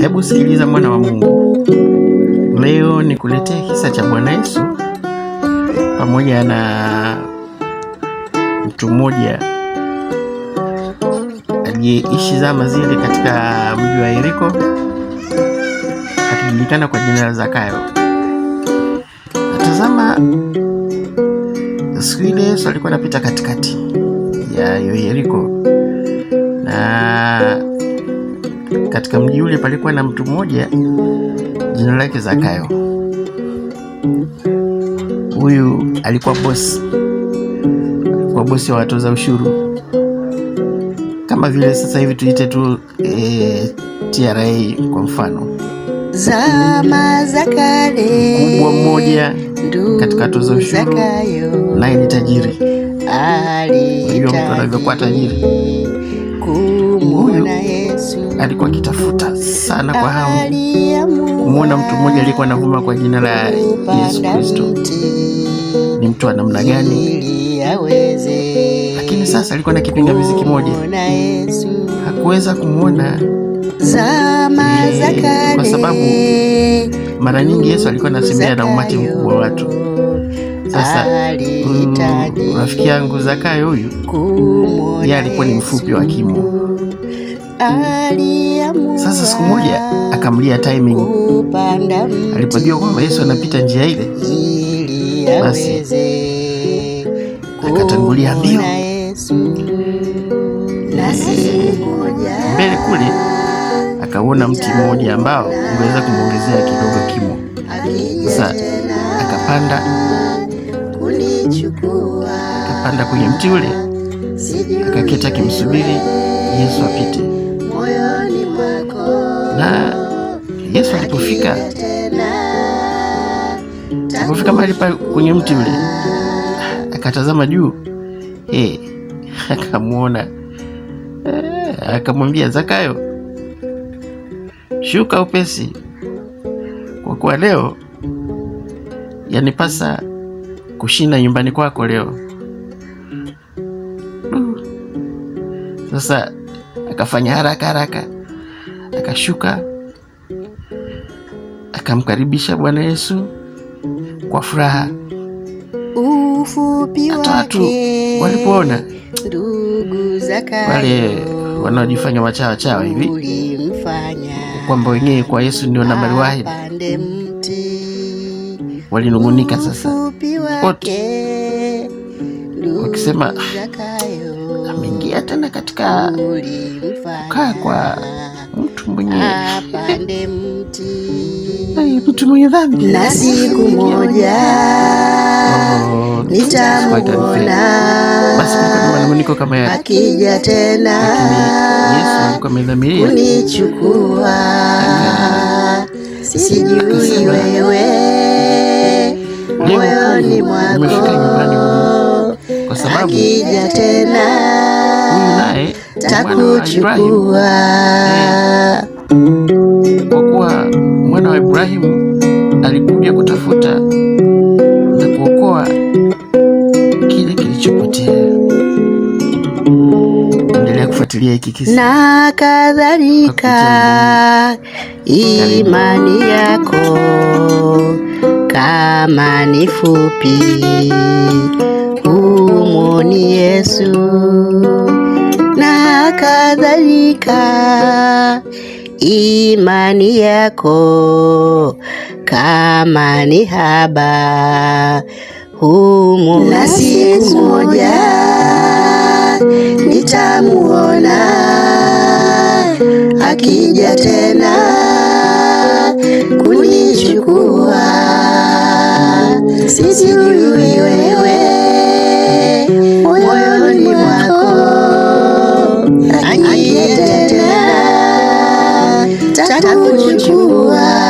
Hebu sikiliza mwana wa Mungu, leo nikuletee kisa cha Bwana Yesu pamoja na mtu mmoja aliyeishi zama zile katika mji wa Yeriko akijulikana kwa jina la Zakayo. Natazama siku ile Yesu alikuwa anapita katikati ya Yeriko na katika mji ule palikuwa na mtu mmoja jina lake Zakayo. Huyu alikuwa bosi, kwa bosi wa watoza ushuru kama vile sasa hivi tuite tu e, TRA kwa mfano. Zama za kale, mmoja katika watoza ushuru, naye ni tajiri. Hivyo mtu anavyokuwa tajiri huyu alikuwa akitafuta sana kwa hamu kumwona mtu mmoja aliyekuwa anavuma kwa jina la Yesu Kristo. Ni mtu wa namna gani? Lakini sasa alikuwa na kipingamizi kimoja, hakuweza kumwona kwa sababu mara nyingi Yesu alikuwa anasemea na umati mkubwa wa watu sasa mm, rafiki mm, yangu Zakayo huyu yeye alikuwa ni mfupi wa kimo. Sasa siku moja akamlia timing, alipojua kwamba Yesu anapita njia ile, basi akatangulia mbio eh, mbele kule, akauona mti mmoja ambao ungeweza kumwongezea kidogo kimo. Sasa akapanda Kapanda kwenye mti ule, akaketi akimsubiri Yesu apite. Na Yesu alipofika, alipofika mahali pale kwenye mti ule, akatazama juu, eh, akamwona, akamwambia Zakayo, shuka upesi, kwa kuwa leo yanipasa kushinda nyumbani kwako leo. Sasa akafanya haraka haraka, akashuka akamkaribisha Bwana Yesu kwa furaha. Ufupi watu walipoona wale wanaojifanya wachawa chawa hivi kwamba wenyewe kwa Yesu ndio nambari walinung'unika sasa wote wakisema ameingia tena katika kukaa kwa mtu mwenye mtu mwenye dhambi. Na siku moja nitamuona niko kama yeye akija tena kunichukua, sijui wewe moyo nyumbani mwako, kwa sababu akija tena takuchukua. Kwa kuwa mwana wa Ibrahimu alikuja kutafuta na kuokoa kile kilichopotea. Endelea kufuatilia hiki kisa na kadhalika, imani yako kama ni fupi, humo ni Yesu na kadhalika. Imani yako kama ni haba, humo na siku moja nitamuona akija tena. sijui wewe moyoni mwako aniyetenda takuchukua